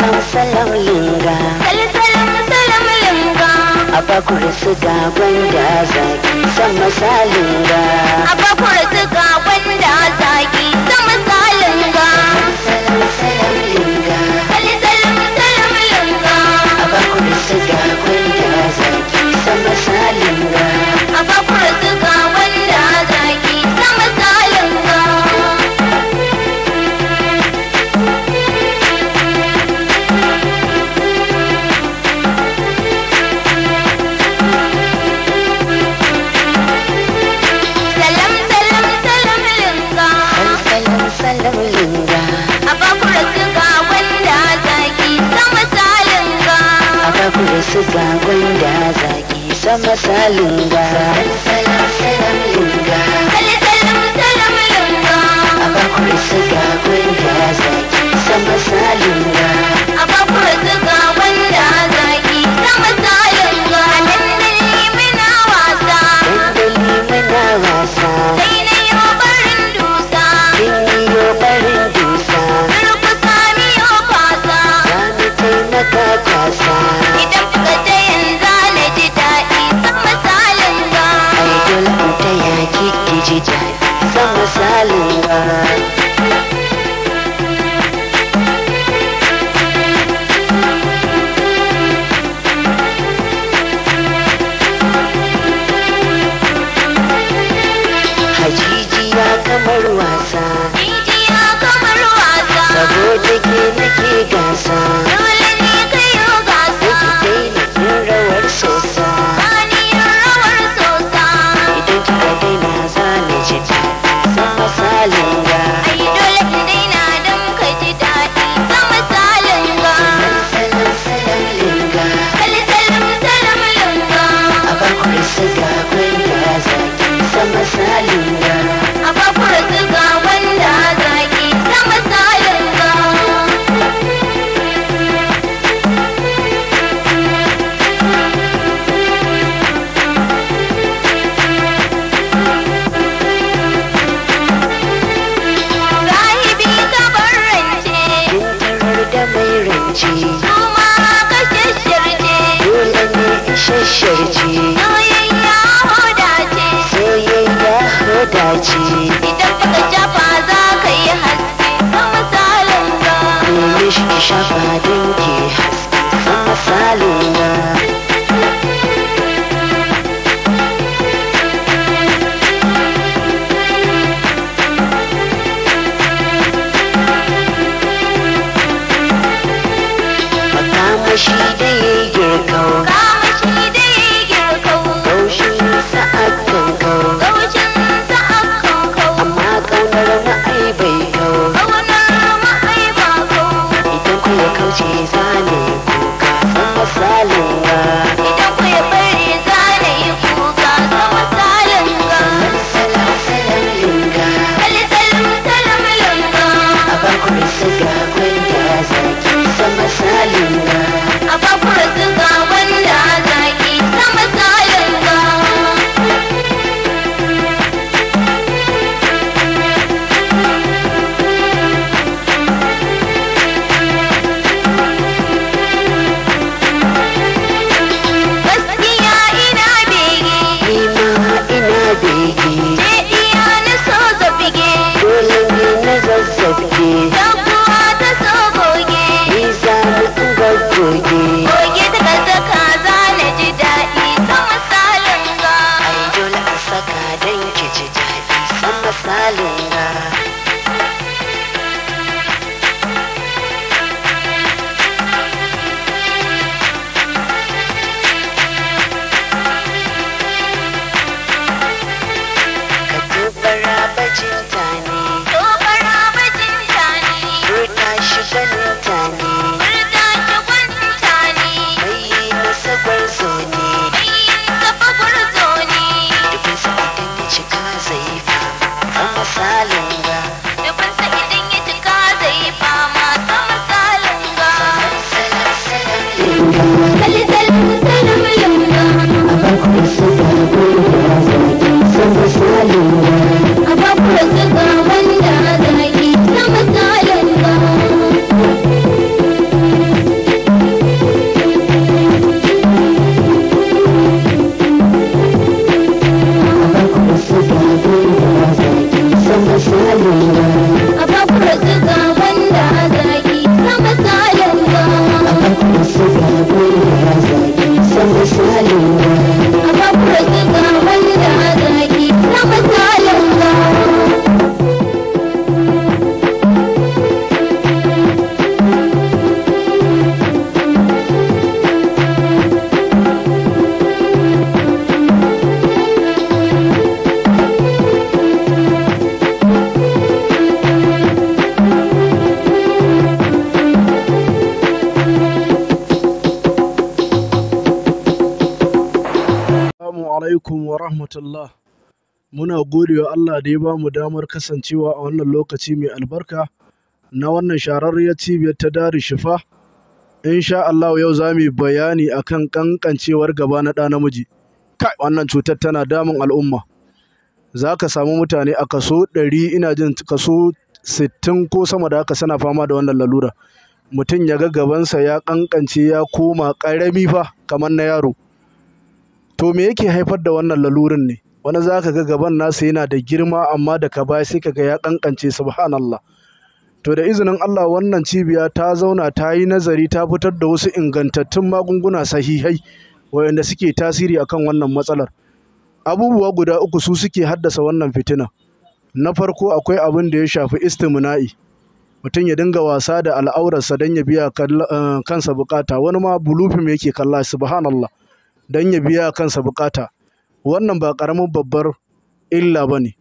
salam salam linga salam salam linga abakur suga gwanda zaki sama salinga abakur suga gwanda zaki salam salam lunga salam salam lunga salam salam lunga aba kursu ga ya zaki sama salunga aba body Muna gode wa Allah da ya ba mu damar kasancewa a wannan lokaci mai albarka na wannan shararriyar cibiyar ta Dari Shifa. Insha Allah yau za mu yi bayani akan kankancewar gaba na ɗa namiji. Kai wannan cutar tana damun al'umma. Za ka samu mutane a kaso ɗari ina jin kaso sittin ko sama da haka sana fama da wannan lalura. Mutum ya ga gabansa ya kankance ya koma ƙarami fa kamar na yaro. to me yake haifar da wannan lalurin ne wani za ka ga gaban nasa yana da girma amma da ka baya sai ka ga ya ƙanƙance subhanallah to da izinin Allah wannan cibiya ta zauna ta yi nazari ta fitar da wasu ingantattun magunguna sahihai wayanda suke tasiri akan wannan matsalar abubuwa guda uku su suke haddasa wannan fitina na farko akwai abin da ya shafi istimna'i mutum ya dinga wasa da al'aurarsa don ya biya eh, kansa bukata wani ma bulufin yake kalla subhanallah don ya biya kansa bukata wannan ba karamin babbar illa ba ne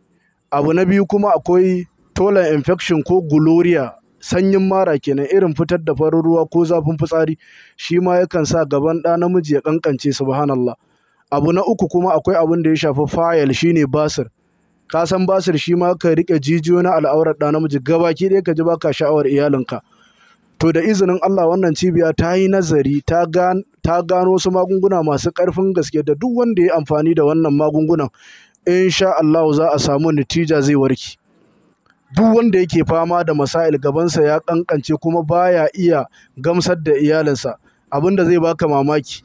abu na biyu kuma akwai tolan infection ko gloria sanyin mara kenan irin fitar da farin ruwa ko zafin fitsari shi ma yakan sa gaban ɗa namiji ya ƙanƙance subhanallah abu na uku kuma akwai abin da ya shafi fayil shine basir ka san basir shi ma ka riƙe jijiyo na al'aurar ɗa namiji ki ɗaya ka ji baka sha'awar iyalinka to da izinin Allah wannan cibiya ta yi nazari ta gano wasu magunguna masu ƙarfin gaske da duk wanda ya amfani da wannan magungunan insha Allah za a samu natija zai warke duk wanda yake fama da masail gabansa ya kankance kuma baya iya gamsar da iyalinsa abinda zai baka mamaki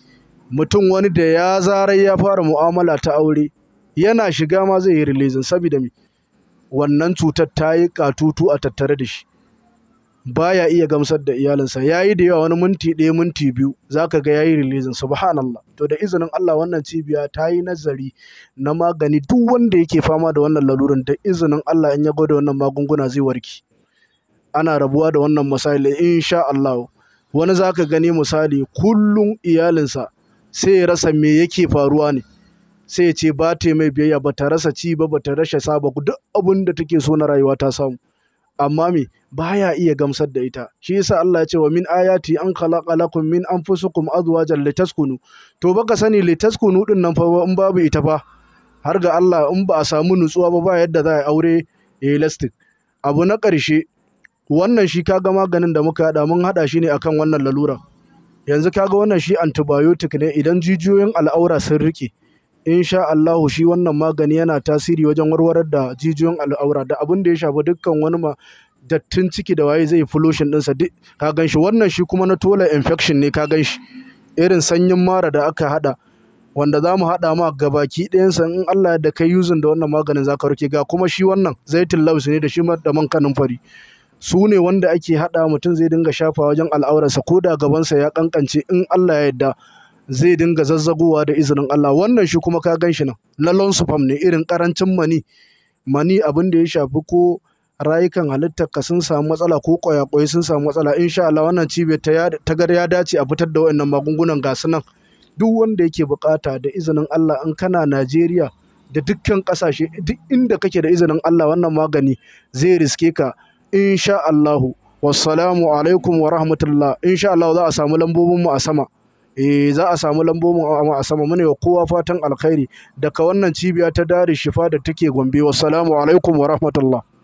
mutum wani da ya zarai ya fara mu'amala ta aure yana shiga ma zai yi releasing saboda me wannan cutar ta yi katutu a tattare da shi baya iya gamsar da iyalinsa Ya yi da yawa wani minti ɗaya minti biyu Za ka ga ya yayi releasing subhanallah to da izinin Allah wannan cibiya ta yi nazari na magani duk wanda yake fama da wannan lalurin da izinin Allah in ya gwada wannan magunguna zai warke ana rabuwa da wannan misali insha Allah wani ka gani misali kullum iyalinsa sai ya rasa me yake faruwa ne sai ya ce ba ta mai biyayya ba ta rasa ci ba ba ta rasa saba duk abinda da take so na rayuwa ta samu amma me baya iya gamsar da ita shi yasa Allah ya ce wa min ayati an khalaqa lakum min anfusikum azwajan litaskunu to baka sani litaskunu din nan fa in babu ita fa har ga Allah in ba a samu nutsuwa ba ba yadda za a aure elastic abu na ƙarshe wannan shi kaga maganin da muka hada mun hada shi ne akan wannan lalura yanzu kaga wannan shi antibiotic ne idan jijiyoyin al'aura sun rike In sha Allahu shi wannan magani yana tasiri wajen warware da jijiyoyin al'aura da abin da ya shafi dukkan wani ma dattin ciki da waye zai fuloshin ɗinsa duk ka gan wannan shi kuma na tola infection ne ka gan irin sanyin mara da aka haɗa wanda za mu haɗa ma gabaki ɗayansa in Allah ya da kai yuzin da wannan maganin za ka ruke ga kuma shi wannan zaitun laus ne da shi da man kanin fari su ne wanda ake haɗa mutum zai dinga shafa wajen al'aurarsa ko da gabansa ya kankance in Allah ya yarda zai dinga zazzagowa da izinin Allah wannan shi kuma ka gan shi nan lalon fam ne irin karancin mani mani abin da ya shafi ko rayukan halittar ka sun samu matsala ko kwayakwayi sun samu matsala insha Allah wannan cibiyar ta tagar ya dace a fitar da waɗannan magungunan gasu nan duk wanda yake bukata da izinin Allah in kana Najeriya da dukkan kasashe duk inda kake da izinin Allah wannan magani zai riske ka insha Allah wassalamu alaikum wa rahmatullah insha Allah za a samu lambobin mu a sama eh za a samu lambobin a sama mune wa kowa fatan alkhairi daga wannan cibiya ta dare shifa da take Gombe Salamu alaikum wa rahmatullah